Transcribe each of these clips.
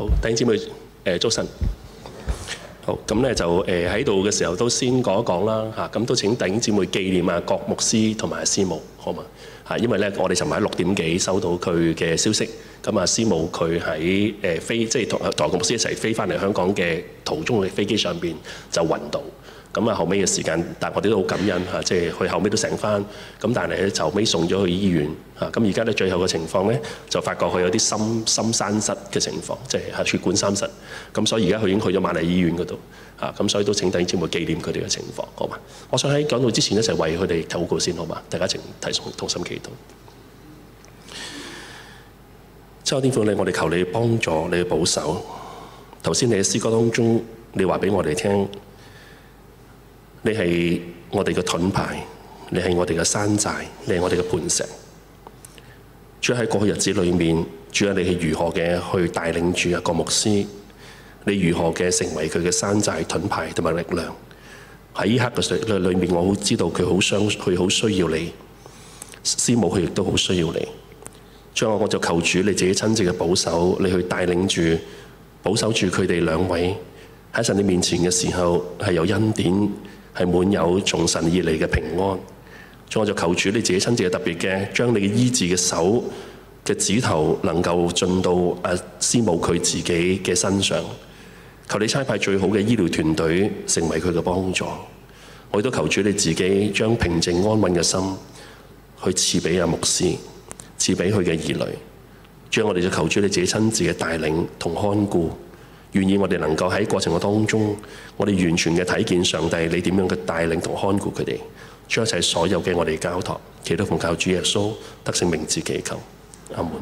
好，弟兄姊妹誒早晨。好，咁咧就誒喺度嘅時候都先講一講啦嚇，咁都請弟兄姊妹紀念啊郭牧師同埋阿師母好嘛嚇，因為咧我哋尋日喺六點幾收到佢嘅消息，咁阿師母佢喺誒飛即係同郭牧師一齊飛翻嚟香港嘅途中嘅飛機上邊就暈倒。咁啊，後尾嘅時間，但係我哋都好感恩嚇，即係佢後尾都醒返。咁但係咧，後尾送咗去醫院嚇。咁而家咧，最後嘅情況咧，就發覺佢有啲心心衰失嘅情況，即係嚇血管衰失。咁所以而家佢已經去咗瑪麗醫院嗰度嚇。咁所以都請弟兄姊妹紀念佢哋嘅情況，好嘛？我想喺講道之前一齊為佢哋禱告先，好嘛？大家一齊提心同心祈禱。天父，你我哋求你幫助，你去保守。頭先你喺詩歌當中，你話俾我哋聽。你係我哋嘅盾牌，你係我哋嘅山寨，你係我哋嘅磐石。主要喺過去日子裏面，主要你係如何嘅去帶領住一個牧師，你如何嘅成為佢嘅山寨、盾牌同埋力量。喺呢刻嘅水裏面，我好知道佢好想，佢好需要你，師母佢亦都好需要你。最後我就求主你自己親自嘅保守，你去帶領住、保守住佢哋兩位喺神你面前嘅時候係有恩典。係滿有從神以嚟嘅平安，所以我就求主你自己親自嘅特別嘅，將你嘅醫治嘅手嘅指頭能夠進到阿司母佢自己嘅身上。求你差派最好嘅醫療團隊成為佢嘅幫助。我亦都求主你自己將平靜安穩嘅心去賜俾阿牧師，賜俾佢嘅兒女。將我哋就求主你自己親自嘅帶領同看顧。願意，我哋能夠喺過程嘅當中，我哋完全嘅睇見上帝，你點樣去帶領同看顧佢哋，將一切所有嘅我哋交託，祈禱奉靠主耶穌得勝，名字祈求，阿門。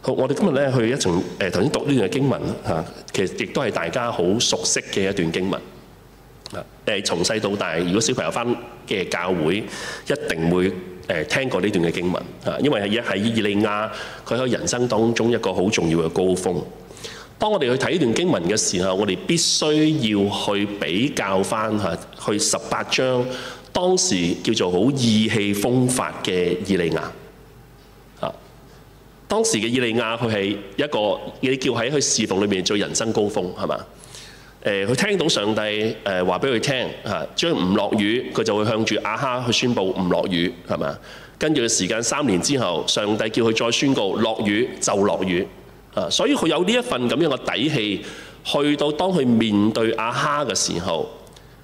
好，我哋今日咧去一層誒，頭先讀呢段經文嚇，其實亦都係大家好熟悉嘅一段經文啊。誒，從細到大，如果小朋友返嘅教會，一定會誒聽過呢段嘅經文嚇，因為係係以利亞佢喺人生當中一個好重要嘅高峰。當我哋去睇呢段經文嘅時候，我哋必須要去比較返嚇，去十八章當時叫做好意氣風發嘅以利亞。嚇、啊，當時嘅以利亞佢係一個你叫喺佢侍奉裏面做人生高峰，係嘛？佢、欸、聽到上帝誒話俾佢聽嚇，將唔落雨，佢就會向住亞、啊、哈去宣佈唔落雨係嘛？跟住嘅時間三年之後，上帝叫佢再宣告落雨就落雨。所以佢有呢一份咁樣嘅底氣，去到當佢面對阿哈嘅時候，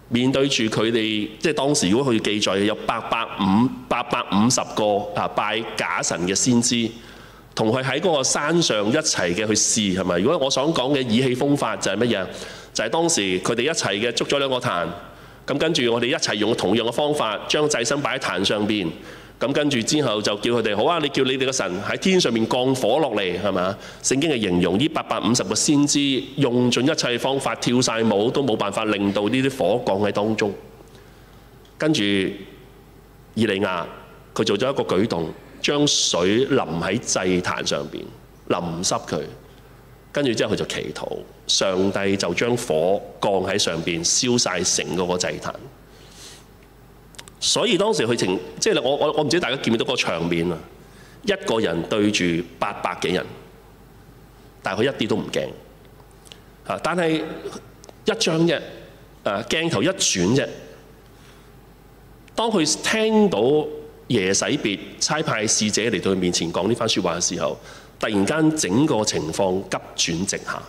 面對住佢哋，即係當時如果佢記載有八百五八百五十個啊拜假神嘅先知，同佢喺嗰個山上一齊嘅去試係咪？如果我想講嘅意氣風發就係乜嘢？就係當時佢哋一齊嘅捉咗兩個壇，咁跟住我哋一齊用同樣嘅方法將祭牲擺喺壇上邊。咁跟住之後就叫佢哋，好啊！你叫你哋個神喺天上面降火落嚟，係咪？聖經係形容呢八百五十個先知用盡一切方法跳晒舞都冇辦法令到呢啲火降喺當中。跟住，以利亞佢做咗一個舉動，將水淋喺祭壇上邊淋濕佢。跟住之後佢就祈禱，上帝就將火降喺上邊，燒晒成嗰個祭壇。所以當時佢情，即係我我我唔知大家見唔見到嗰個場面啊！一個人對住八百幾人，但係佢一啲都唔驚。啊！但係一張啫，誒鏡頭一轉啫，當佢聽到耶洗別差派使者嚟到佢面前講呢番説話嘅時候，突然間整個情況急轉直下。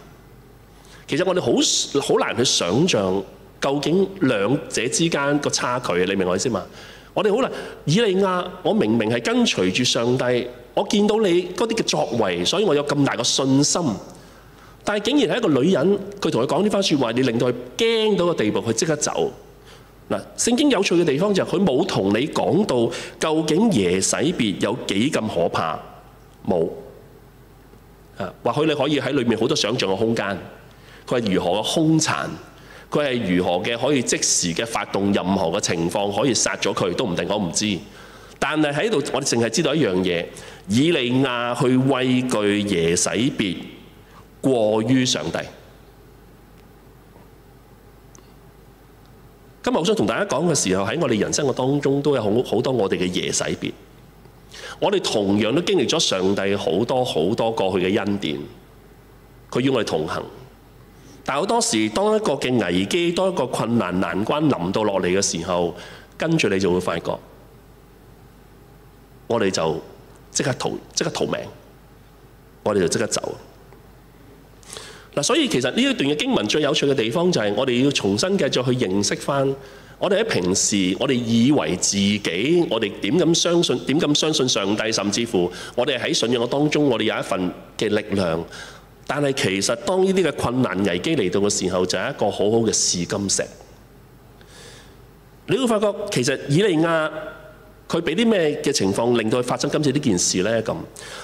其實我哋好好難去想像。究竟兩者之間個差距，你明我意思嘛？我哋好啦，以利亞，我明明係跟隨住上帝，我見到你嗰啲嘅作為，所以我有咁大個信心。但係竟然係一個女人，佢同佢講呢番説話，你令到佢驚到個地步，佢即刻走嗱。聖經有趣嘅地方就係佢冇同你講到究竟耶洗別有幾咁可怕，冇啊。或許你可以喺裏面好多想像嘅空間。佢係如何兇殘？佢係如何嘅可以即時嘅發動任何嘅情況，可以殺咗佢都唔定，我，我唔知。但係喺度，我哋淨係知道一樣嘢：以利亞去畏懼耶洗別，過於上帝。今日我想同大家講嘅時候，喺我哋人生嘅當中都有好好多我哋嘅耶洗別。我哋同樣都經歷咗上帝好多好多好多過去嘅恩典，佢與我哋同行。但好多時，當一個嘅危機、當一個困難難關臨到落嚟嘅時候，跟住你就會發覺，我哋就即刻逃，即刻逃命，我哋就即刻走。嗱、啊，所以其實呢一段嘅經文最有趣嘅地方就係，我哋要重新繼續去認識翻，我哋喺平時我哋以為自己，我哋點咁相信，點咁相信上帝，甚至乎我哋喺信仰嘅當中，我哋有一份嘅力量。但係其實當呢啲嘅困難危機嚟到嘅時候，就係一個好好嘅試金石。你會發覺其實以利亞佢俾啲咩嘅情況令到佢發生今次呢件事呢？咁，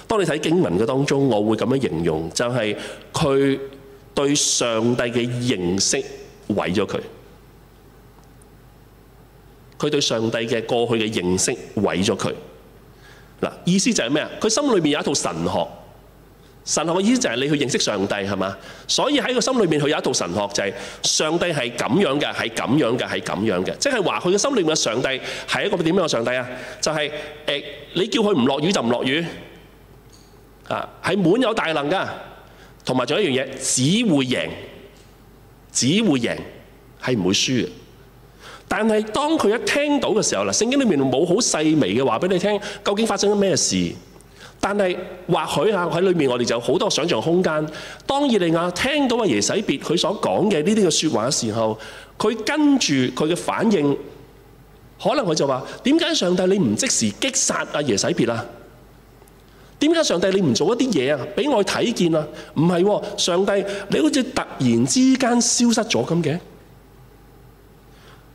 當你睇經文嘅當中，我會咁樣形容，就係佢對上帝嘅認識毀咗佢。佢對上帝嘅過去嘅認識毀咗佢。嗱，意思就係咩啊？佢心裏面有一套神學。神學嘅意思就係你去認識上帝係嘛，所以喺個心裏面佢有一套神學就係、是、上帝係咁樣嘅，係咁樣嘅，係咁樣嘅，即係話佢嘅心裏面嘅上帝係一個點樣嘅上帝啊？就係、是、誒、欸，你叫佢唔落雨就唔落雨啊，係滿有大能噶，同埋仲有一樣嘢，只會贏，只會贏，係唔會輸嘅。但係當佢一聽到嘅時候啦，聖經裏面冇好細微嘅話俾你聽，究竟發生咗咩事？但係，或許啊，喺裏面我哋就有好多想像空間。當以利亞聽到阿耶洗別佢所講嘅呢啲嘅説話嘅時候，佢跟住佢嘅反應，可能佢就話：點解上帝你唔即時擊殺阿耶洗別啊？點解上帝你唔做一啲嘢啊？俾我睇見啊？唔係啊，上帝你好似突然之間消失咗咁嘅。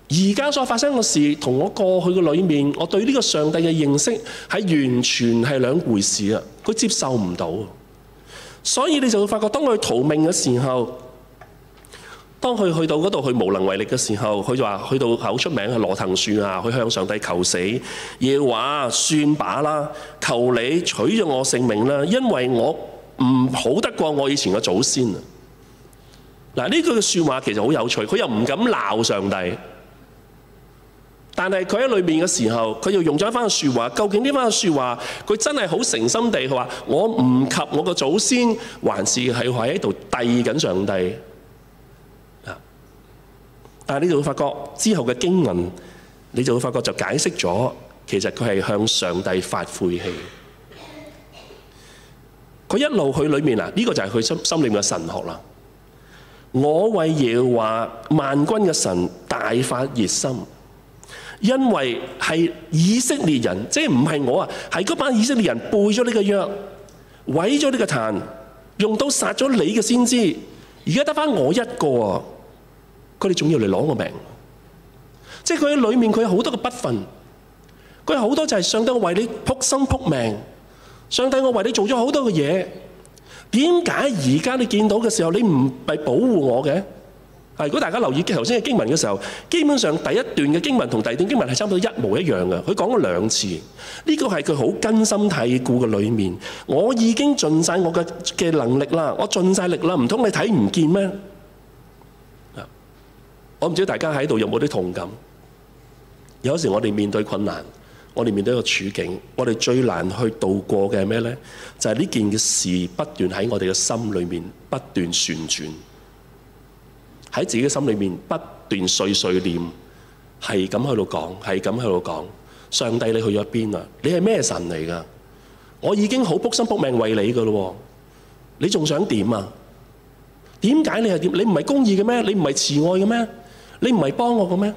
而家所發生嘅事同我過去嘅裏面，我對呢個上帝嘅認識係完全係兩回事啊！佢接受唔到，所以你就會發覺，當佢逃命嘅時候，當佢去到嗰度佢無能為力嘅時候，佢就話：去到好出名嘅羅騰樹下，去向上帝求死，嘢話算把啦，求你取咗我性命啦，因為我唔好得過我以前嘅祖先啊！嗱，呢句嘅説話其實好有趣，佢又唔敢鬧上帝。但係佢喺裏面嘅時候，佢又用咗一番嘅説話。究竟呢番嘅説話，佢真係好誠心地佢話：我唔及我個祖先，還是係喺度遞緊上帝。但係你就會發覺之後嘅經文，你就會發覺就解釋咗，其實佢係向上帝發晦氣。佢一路去裏面啊，呢、這個就係佢心心裏面嘅神學啦。我為耶和華萬軍嘅神大發熱心。因為係以色列人，即係唔係我啊，係嗰班以色列人背咗呢個約，毀咗呢個壇，用刀殺咗你嘅先知，而家得返我一個啊！佢哋仲要嚟攞我命，即係佢喺裏面，佢有好多嘅不忿，佢有好多就係上帝我為你撲心撲命，上帝我為你做咗好多嘅嘢，點解而家你見到嘅時候，你唔係保護我嘅？係，如果大家留意頭先嘅經文嘅時候，基本上第一段嘅經文同第二段經文係差唔多一模一樣嘅。佢講過兩次，呢個係佢好根深蒂固嘅裏面。我已經盡曬我嘅嘅能力啦，我盡曬力啦，唔通你睇唔見咩？啊！我唔知大家喺度有冇啲同感。有時我哋面對困難，我哋面對一個處境，我哋最難去度過嘅係咩呢？就係呢件嘅事不斷喺我哋嘅心裏面不斷旋轉。喺自己嘅心裏面不斷碎碎念，係咁喺度講，係咁喺度講。上帝你去咗邊啊？你係咩神嚟㗎？我已經好卜心卜命為你㗎喇喎，你仲想點啊？點解你係點？你唔係公義嘅咩？你唔係慈愛嘅咩？你唔係幫我嘅咩？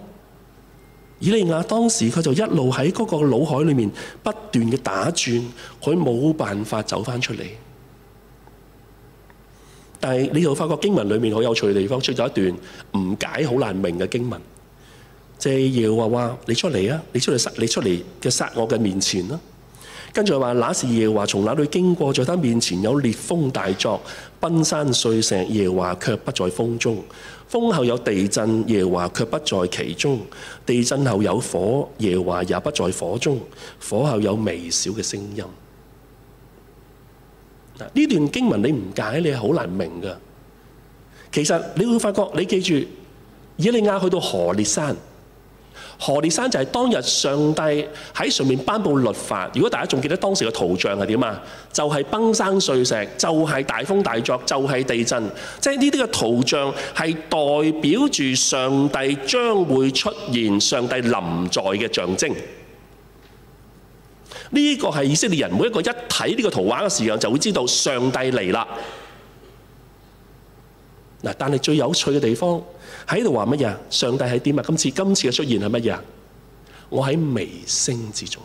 以利亞當時佢就一路喺嗰個腦海裏面不斷嘅打轉，佢冇辦法走返出嚟。但係你又發覺經文裏面好有趣嘅地方，出咗一段唔解、好難明嘅經文。即係耶和華，你出嚟啊！你出嚟殺，你出嚟嘅殺我嘅面前啦、啊。跟住話，那時耶和華從那裏經過，在他面前有烈風大作，崩山碎石。耶和華卻不在風中。風後有地震，耶和華卻不在其中。地震後有火，耶和華也不在火中。火後有微小嘅聲音。呢段經文你唔解，你係好難明噶。其實你會發覺，你記住，以利亞去到何烈山，何烈山就係當日上帝喺上面頒布律法。如果大家仲記得當時嘅圖像係點啊？就係、是、崩山碎石，就係、是、大風大作，就係、是、地震。即係呢啲嘅圖像係代表住上帝將會出現，上帝臨在嘅象徵。呢個係以色列人每一個一睇呢個圖畫嘅時候，就會知道上帝嚟啦。但係最有趣嘅地方喺度話乜嘢？上帝係點樣？今次今次嘅出現係乜嘢？我喺微聲之中，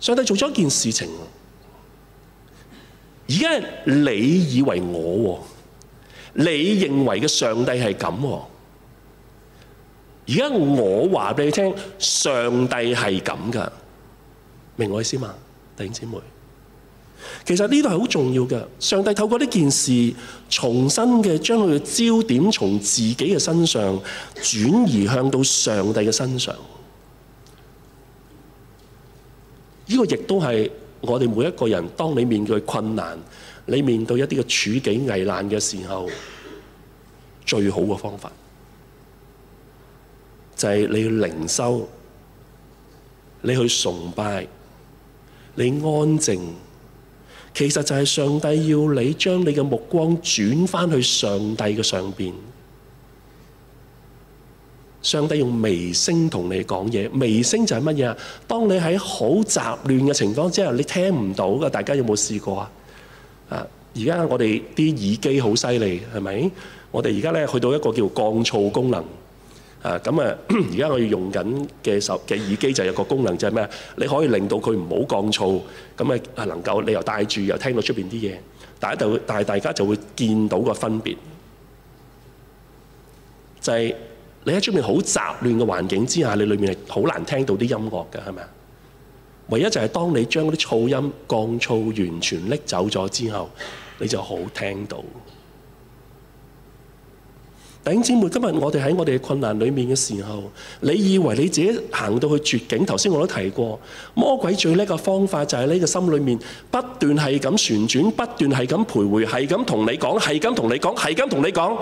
上帝做咗一件事情。而家你以為我，你認為嘅上帝係咁。而家我話俾你聽，上帝係咁噶，明我意思嘛，弟兄姊妹？其實呢度係好重要噶。上帝透過呢件事，重新嘅將佢嘅焦點從自己嘅身上轉移向到上帝嘅身上。呢個亦都係我哋每一個人，當你面對困難，你面對一啲嘅處境危難嘅時候，最好嘅方法。就係你要靈修，你去崇拜，你安靜。其實就係上帝要你將你嘅目光轉翻去上帝嘅上邊。上帝用微聲同你講嘢，微聲就係乜嘢啊？當你喺好雜亂嘅情況之下，你聽唔到嘅。大家有冇試過啊？啊！而家我哋啲耳機好犀利，係咪？我哋而家咧去到一個叫降噪功能。啊，咁啊，而家我要用緊嘅手嘅耳機就有個功能就係咩？你可以令到佢唔好降噪，咁啊能夠你又戴住又聽到出邊啲嘢，大家就但係大家就會見到個分別，就係你喺出邊好雜亂嘅環境之下，你裏面係好難聽到啲音樂嘅，係咪啊？唯一就係當你將嗰啲噪音降噪完全拎走咗之後，你就好聽到。弟兄姊妹，今日我哋喺我哋嘅困難裏面嘅時候，你以為你自己行到去絕境？頭先我都提過，魔鬼最叻嘅方法就係你嘅心裏面不斷係咁旋轉，不斷係咁徘徊，係咁同你講，係咁同你講，係咁同你講。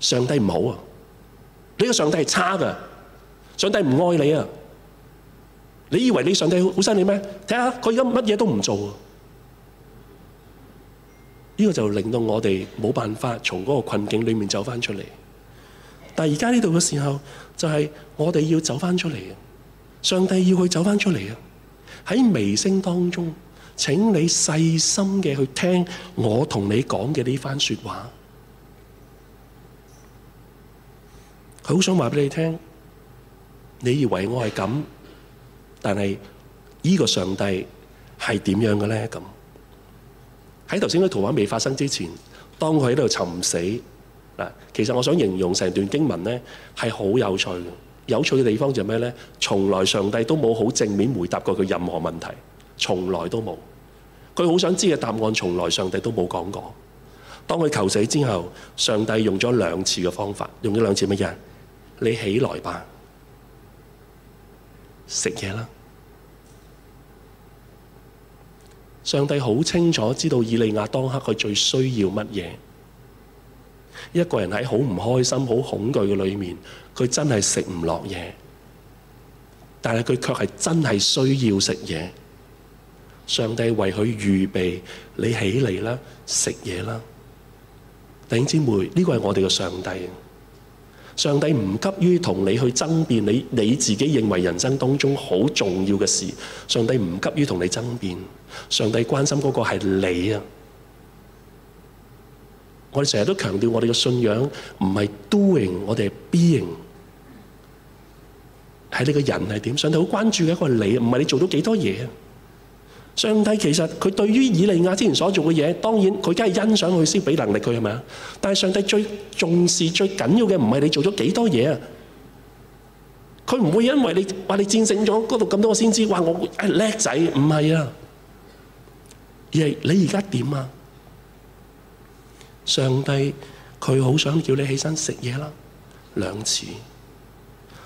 上帝唔好啊！你嘅上帝係差嘅，上帝唔愛你啊！你以為你上帝好犀利咩？睇下佢而家乜嘢都唔做。呢個就令到我哋冇辦法從嗰個困境裡面走翻出嚟。但係而家呢度嘅時候，就係我哋要走翻出嚟啊！上帝要去走翻出嚟啊！喺微聲當中，請你細心嘅去聽我同你講嘅呢番説話。佢好想話俾你聽，「你以為我係咁，但係呢個上帝係點樣嘅呢？」咁。喺頭先嗰個圖畫未發生之前，當佢喺度尋死，其實我想形容成段經文咧，係好有趣嘅。有趣嘅地方就係咩呢？從來上帝都冇好正面回答過佢任何問題，從來都冇。佢好想知嘅答案，從來上帝都冇講過。當佢求死之後，上帝用咗兩次嘅方法，用咗兩次乜嘢？你起來吧，食嘢啦。上帝好清楚知道，以利亞當刻佢最需要乜嘢。一個人喺好唔開心、好恐懼嘅裏面，佢真係食唔落嘢，但係佢卻係真係需要食嘢。上帝為佢預備，你起嚟啦，食嘢啦。弟兄姊妹，呢個係我哋嘅上帝。上帝唔急於同你去爭辯你，你自己認為人生當中好重要嘅事，上帝唔急於同你爭辯，上帝關心嗰個係你。我哋成日都強調我哋嘅信仰唔係 doing，我哋係 being，係你個人係點？上帝好關注嘅一個是你，唔係你做到幾多嘢啊！上帝其實佢對於以利亞之前所做嘅嘢，當然佢梗係欣賞佢先俾能力佢係咪？但係上帝最重視最緊要嘅唔係你做咗幾多嘢啊？佢唔會因為你話你戰勝咗嗰度咁多才，我先知哇！我係叻仔，唔係啊！而係你而家點啊？上帝佢好想叫你起身食嘢啦，兩次。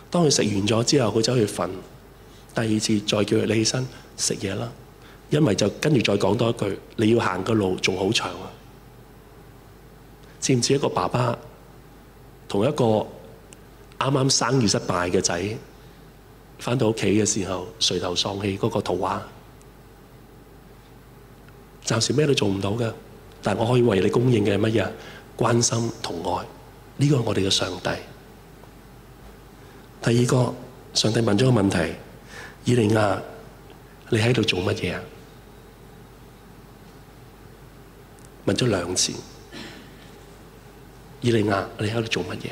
當佢食完咗之後，佢走去瞓。第二次再叫你起身食嘢啦。因為就跟住再講多一句，你要行嘅路仲好長啊！似唔似一個爸爸同一個啱啱生意失敗嘅仔翻到屋企嘅時候，垂頭喪氣，嗰個圖畫暫時咩都做唔到嘅，但係我可以為你供應嘅係乜嘢？關心同愛，呢個係我哋嘅上帝。第二個上帝問咗個問題：以利亞，你喺度做乜嘢啊？問咗兩次，以利亞，你喺度做乜嘢？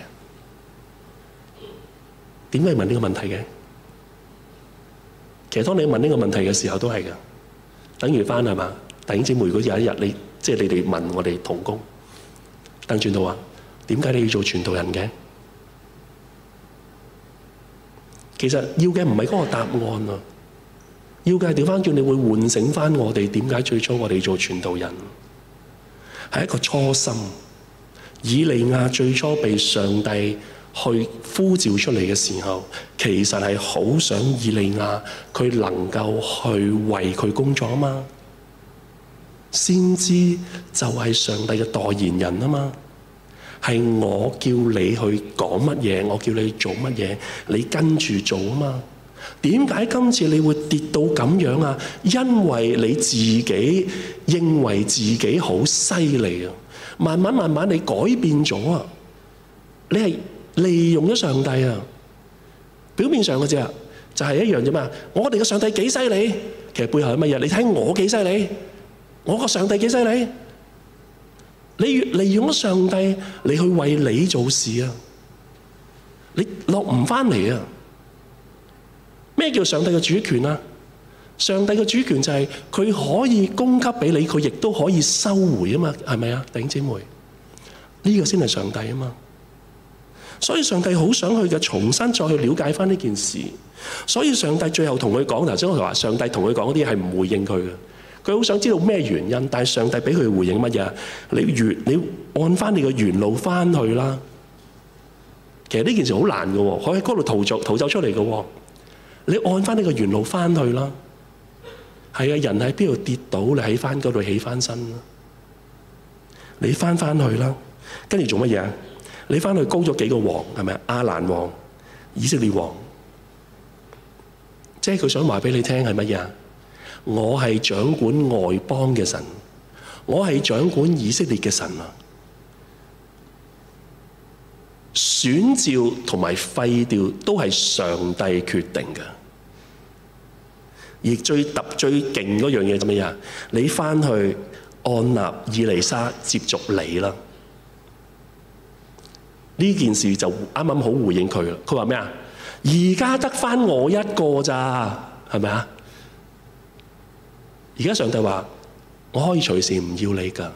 點解問呢個問題嘅？其實當你問呢個問題嘅時候，都係噶，等於翻係嘛？弟兄姊妹，如果有一日你，即係你哋問我哋同工，鄧傳道話，點解你要做傳道人嘅？其實要嘅唔係嗰個答案咯，要嘅係調翻轉，你會喚醒翻我哋點解最初我哋要做傳道人。係一個初心，以利亞最初被上帝去呼召出嚟嘅時候，其實係好想以利亞佢能夠去為佢工作啊嘛。先知就係上帝嘅代言人啊嘛，係我叫你去講乜嘢，我叫你做乜嘢，你跟住做啊嘛。點解今次你會跌到咁樣啊？因為你自己認為自己好犀利啊！慢慢慢慢，你改變咗啊！你係利用咗上帝啊！表面上嗰隻就係一樣啫嘛。我哋嘅上帝幾犀利？其實背後係乜嘢？你睇，我幾犀利？我個上帝幾犀利？你越利用咗上帝，你去為你做事啊！你落唔翻嚟啊！咩叫上帝嘅主權啊？上帝嘅主權就係佢可以供給俾你，佢亦都可以收回啊嘛，係咪啊，弟兄姐妹？呢、這個先係上帝啊嘛，所以上帝好想去嘅，重新再去了解翻呢件事。所以上帝最後同佢講，頭先我話上帝同佢講嗰啲係唔回應佢嘅，佢好想知道咩原因，但係上帝俾佢回應乜嘢啊？你原你按翻你嘅原路翻去啦。其實呢件事好難嘅喎，佢喺嗰度逃走逃走出嚟嘅喎。你按翻呢個原路翻去啦，係啊，人喺邊度跌倒，你喺翻嗰度起翻身啦。你翻翻去啦，跟住做乜嘢啊？你翻去膏咗幾個王係咪啊？亞蘭王、以色列王，即係佢想話俾你聽係乜嘢啊？我係掌管外邦嘅神，我係掌管以色列嘅神啊！選召同埋廢掉都係上帝決定嘅。亦最揼最勁嗰樣嘢做乜嘢啊？你翻去安納以利沙接續你啦！呢件事就啱啱好回應佢啦。佢話咩啊？而家得翻我一個咋？係咪啊？而家上帝話：我可以隨時唔要你㗎。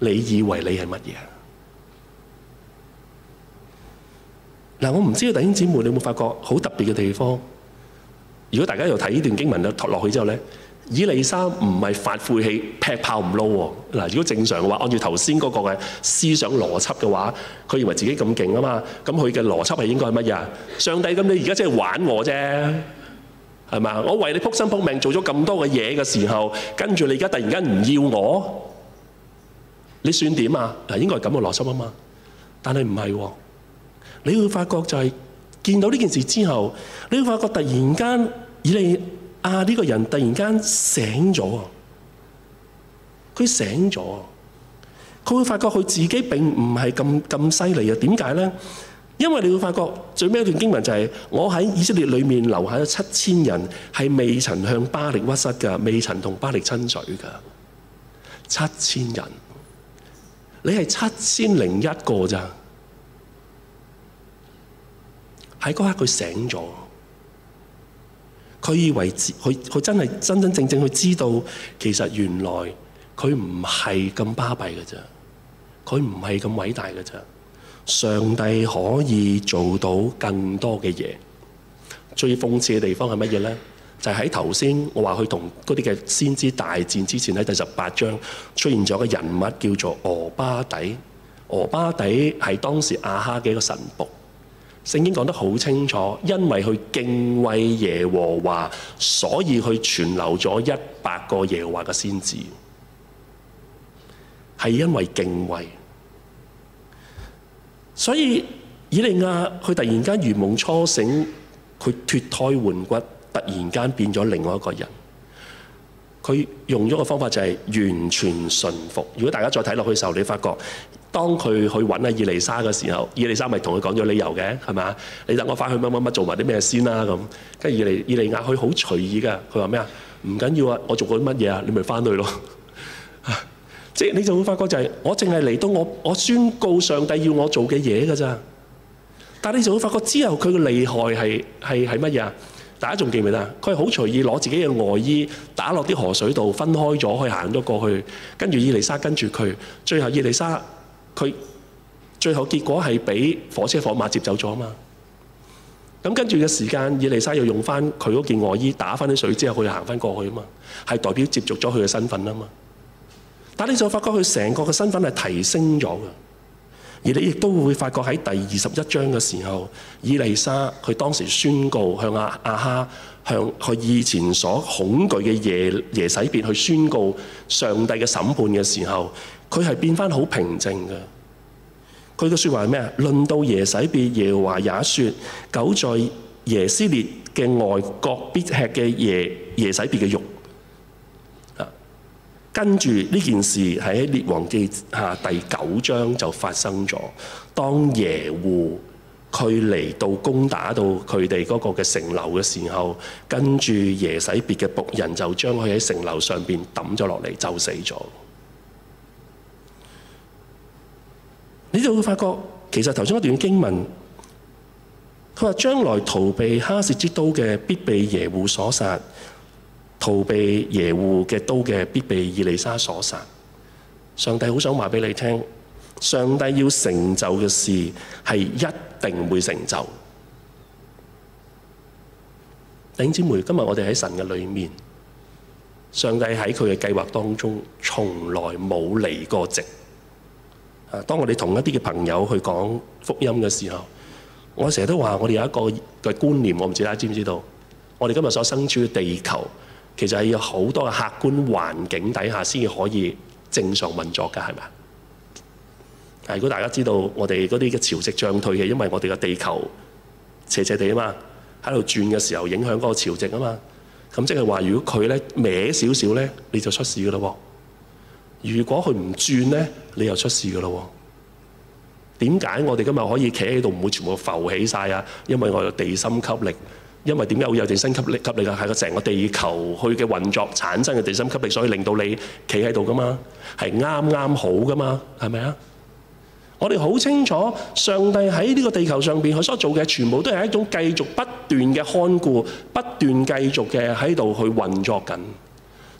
你以為你係乜嘢？嗱，我唔知弟兄姊妹，你有冇發覺好特別嘅地方？如果大家又睇呢段經文啦，落落去之後咧，以利沙唔係發晦氣劈炮唔撈喎。嗱，如果正常嘅話，按住頭先嗰個嘅思想邏輯嘅話，佢認為自己咁勁啊嘛，咁佢嘅邏輯係應該係乜嘢？上帝，咁你而家即係玩我啫，係咪啊？我為你仆心仆命做咗咁多嘅嘢嘅時候，跟住你而家突然間唔要我，你算點啊？嗱，應該係咁嘅邏輯啊嘛，但係唔係喎。你會發覺就係、是、見到呢件事之後，你會發覺突然間以利亞呢、這個人突然間醒咗啊，佢醒咗，佢會發覺佢自己並唔係咁咁犀利啊？點解呢？因為你會發覺最尾一段經文就係、是、我喺以色列裏面留下咗七千人係未曾向巴力屈膝㗎，未曾同巴力親嘴㗎，七千人，你係七千零一個咋？喺嗰刻佢醒咗，佢以為佢佢真係真真正正去知道，其實原來佢唔係咁巴閉嘅啫，佢唔係咁偉大嘅啫。上帝可以做到更多嘅嘢。最諷刺嘅地方係乜嘢咧？就係喺頭先我話佢同嗰啲嘅先知大戰之前喺第十八章出現咗個人物叫做俄巴底，俄巴底係當時亞哈嘅一個神僕。聖經講得好清楚，因為佢敬畏耶和華，所以佢存留咗一百個耶和華嘅先知，係因為敬畏。所以以利亞佢突然間如夢初醒，佢脫胎換骨，突然間變咗另外一個人。佢用咗個方法就係完全順服。如果大家再睇落去嘅時候，你發覺。當佢去揾阿伊麗莎嘅時候，伊麗莎咪同佢講咗理由嘅，係嘛？你等我翻去乜乜乜做埋啲咩先啦咁。跟住伊麗伊麗亞佢好隨意㗎，佢話咩啊？唔緊要啊，我做過啲乜嘢啊？你咪翻去咯。即係你就會發覺就係我淨係嚟到我我宣告上帝要我做嘅嘢㗎咋。但係你就會發覺之後佢嘅厲害係係係乜嘢啊？大家仲記唔記得啊？佢係好隨意攞自己嘅外衣打落啲河水度，分開咗去行咗過去，跟住伊麗莎跟住佢，最後伊麗莎。佢最後結果係俾火車火馬接走咗啊嘛，咁跟住嘅時間，以利沙又用翻佢嗰件外衣打翻啲水之後，佢又行翻過去啊嘛，係代表接續咗佢嘅身份啊嘛。但你就發覺佢成個嘅身份係提升咗嘅，而你亦都會發覺喺第二十一章嘅時候，以利沙佢當時宣告向亞亞哈向佢以前所恐懼嘅耶耶洗別去宣告上帝嘅審判嘅時候。佢係變翻好平靜噶。佢嘅説話係咩啊？論到耶洗別，耶和華也説：狗在耶斯列嘅外國必吃嘅耶耶洗別嘅肉。啊，跟住呢件事係喺列王紀下第九章就發生咗。當耶戶佢嚟到攻打到佢哋嗰個嘅城樓嘅時候，跟住耶洗別嘅僕人就將佢喺城樓上邊揼咗落嚟，就死咗。你就會發覺，其實頭先一段經文，佢話將來逃避哈薛之刀嘅，必被耶戶所殺；逃避耶戶嘅刀嘅，必被以利沙所殺。上帝好想話俾你聽，上帝要成就嘅事係一定會成就的。弟兄姊妹，今日我哋喺神嘅裏面，上帝喺佢嘅計劃當中，從來冇離過席。啊！當我哋同一啲嘅朋友去講福音嘅時候，我成日都話我哋有一個嘅觀念，我唔知大家知唔知道？我哋今日所身處嘅地球，其實係有好多嘅客觀環境底下先至可以正常運作㗎，係咪啊？但如果大家知道我哋嗰啲嘅潮汐漲退嘅，因為我哋嘅地球斜斜地啊嘛，喺度轉嘅時候影響嗰個潮汐啊嘛，咁即係話如果佢咧歪少少咧，你就出事㗎啦喎！如果佢唔轉呢，你又出事噶咯？點解我哋今日可以企喺度，唔會全部浮起晒啊？因為我有地心吸力。因為點解我有地心吸力吸力啊？係個成個地球去嘅運作產生嘅地心吸力，所以令到你企喺度噶嘛，係啱啱好噶嘛，係咪啊？我哋好清楚，上帝喺呢個地球上邊，佢所做嘅全部都係一種繼續不斷嘅看顧，不斷繼續嘅喺度去運作緊。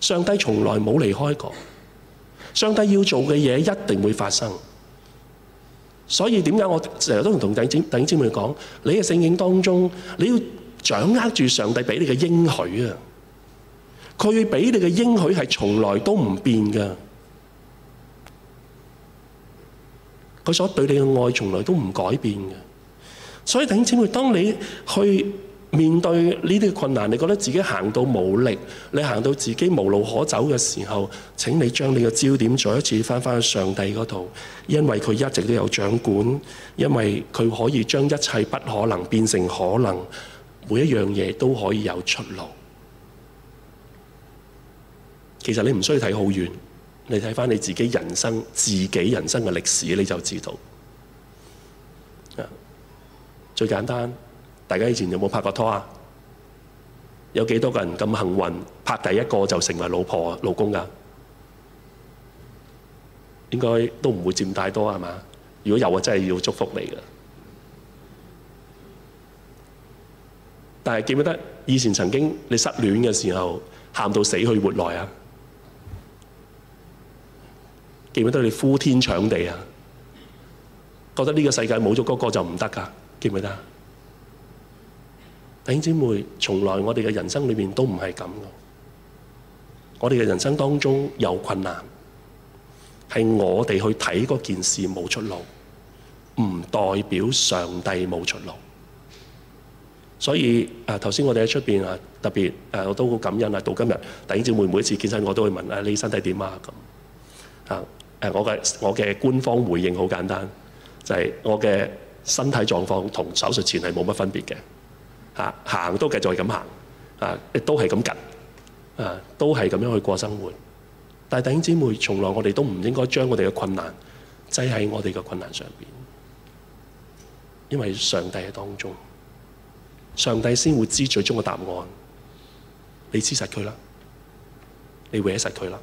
上帝從來冇離開過。上帝要做嘅嘢一定會發生，所以點解我成日都同弟姐、弟姐妹講，你嘅聖境當中，你要掌握住上帝俾你嘅應許啊！佢俾你嘅應許係從來都唔變嘅，佢所對你嘅愛從來都唔改變嘅，所以弟姐妹，當你去面對呢啲困難，你覺得自己行到冇力，你行到自己無路可走嘅時候，請你將你嘅焦點再一次翻返去上帝嗰度，因為佢一直都有掌管，因為佢可以將一切不可能變成可能，每一樣嘢都可以有出路。其實你唔需要睇好遠，你睇翻你自己人生、自己人生嘅歷史，你就知道。最簡單。大家以前有冇拍過拖啊？有幾多個人咁幸運拍第一個就成為老婆老公㗎？應該都唔會佔太多係嘛？如果有，我真係要祝福你㗎。但係記唔記得以前曾經你失戀嘅時候，喊到死去活來啊？記唔記得你呼天搶地啊？覺得呢個世界冇咗嗰個就唔得㗎？記唔記得？弟兄姊妹，從來我哋嘅人生裏面都唔係咁嘅。我哋嘅人生當中有困難，係我哋去睇嗰件事冇出路，唔代表上帝冇出路。所以啊，頭先我哋喺出邊啊，特別誒，我都好感恩啊。到今日，弟兄姊妹每一次見到，我都會問：誒，你身體點啊？咁啊，誒，我嘅我嘅官方回應好簡單，就係我嘅身體狀況同手術前係冇乜分別嘅。啊，行都繼續係咁行，啊，亦都係咁緊，啊都係咁樣去過生活。但係弟兄姊妹，從來我哋都唔應該將我哋嘅困難擠喺我哋嘅困難上邊，因為上帝喺當中，上帝先會知最終嘅答案。你黐實佢啦，你搲實佢啦，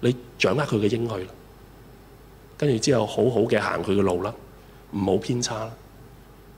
你掌握佢嘅應許啦，跟住之後好好嘅行佢嘅路啦，唔好偏差啦。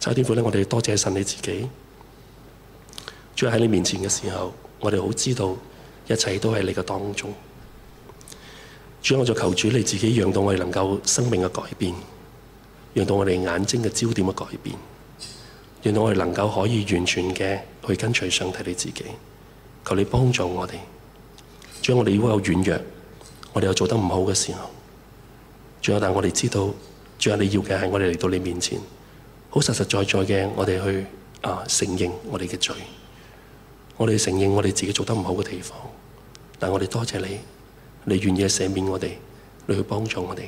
差一點苦咧，我哋多謝神你自己。主喺你面前嘅時候，我哋好知道一切都喺你嘅當中。主，我就求主你自己，讓到我哋能夠生命嘅改變，讓到我哋眼睛嘅焦點嘅改變，讓到我哋能夠可以完全嘅去跟隨上帝你自己。求你幫助我哋，將我哋如果有軟弱，我哋有做得唔好嘅時候，主啊，但我哋知道，主啊，你要嘅係我哋嚟到你面前。好實實在在嘅，我哋去啊，承認我哋嘅罪，我哋承認我哋自己做得唔好嘅地方。但我哋多謝你，你願意赦免我哋，你去幫助我哋。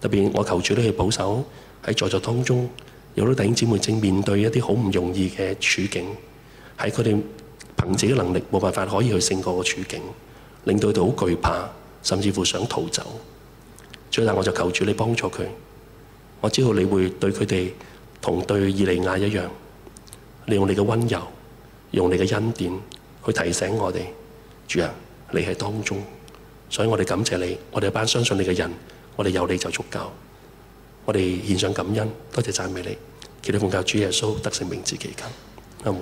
特別我求主你去保守喺在座當中有啲弟兄姊妹正面對一啲好唔容易嘅處境，喺佢哋憑自己能力冇辦法可以去勝過個處境，令到佢哋好懼怕，甚至乎想逃走。最後我就求主你幫助佢，我知道你會對佢哋，同對以利亞一樣，利用你嘅溫柔，用你嘅恩典去提醒我哋，主啊，你喺當中，所以我哋感謝你，我哋一班相信你嘅人，我哋有你就足夠，我哋獻上感恩，多謝讚美你，求你奉教主耶穌得勝名字祈求，阿門。